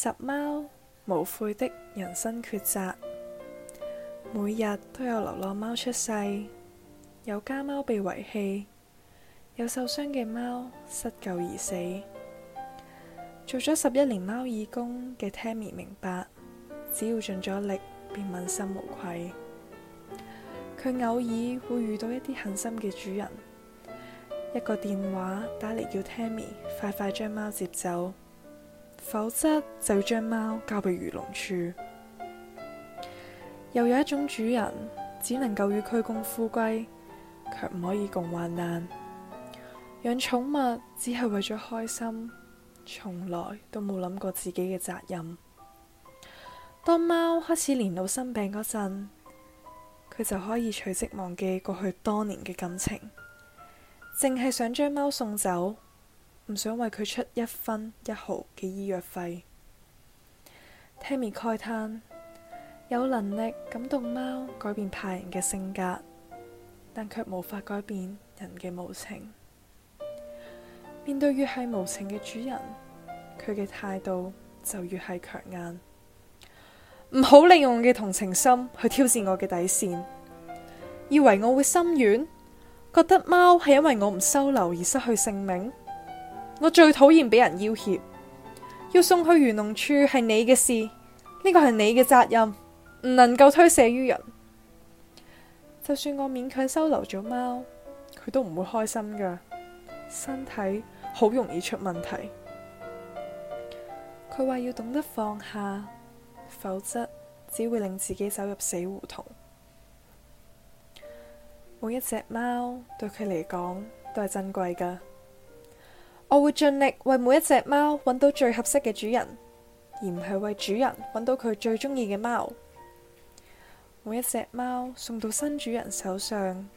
拾貓無悔的人生抉擇。每日都有流浪貓出世，有家貓被遺棄，有受傷嘅貓失救而死。做咗十一年貓義工嘅 Tammy 明白，只要盡咗力，便問心無愧。佢偶爾會遇到一啲狠心嘅主人，一個電話打嚟，叫 Tammy 快快將貓接走。否則就要將貓交畀漁農處。又有一種主人，只能夠與佢共富貴，卻唔可以共患難。養寵物只係為咗開心，從來都冇諗過自己嘅責任。當貓開始年老生病嗰陣，佢就可以隨即忘記過去多年嘅感情，淨係想將貓送走。唔想為佢出一分一毫嘅醫藥費。Tammy 慨嘆：有能力感動貓，改變怕人嘅性格，但卻無法改變人嘅無情。面對越係無情嘅主人，佢嘅態度就越係強硬。唔好利用我嘅同情心去挑戰我嘅底線，以為我會心軟，覺得貓係因為我唔收留而失去性命。我最討厭俾人要挾，要送去漁農處係你嘅事，呢個係你嘅責任，唔能夠推卸於人。就算我勉強收留咗貓，佢都唔會開心噶，身體好容易出問題。佢話要懂得放下，否則只會令自己走入死胡同。每一隻貓對佢嚟講都係珍貴噶。我會盡力為每一隻貓揾到最合適嘅主人，而唔係為主人揾到佢最鍾意嘅貓。每一隻貓送到新主人手上，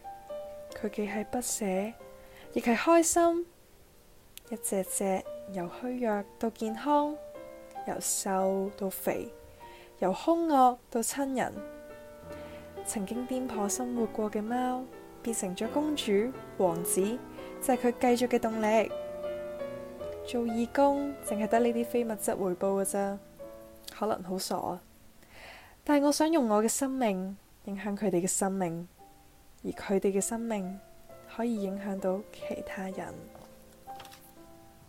佢既係不捨，亦係開心。一隻隻由虛弱到健康，由瘦到肥，由兇惡到親人，曾經顛簸生活過嘅貓，變成咗公主、王子，就係佢繼續嘅動力。做義工淨係得呢啲非物質回報嘅啫，可能好傻啊！但係我想用我嘅生命影響佢哋嘅生命，而佢哋嘅生命可以影響到其他人。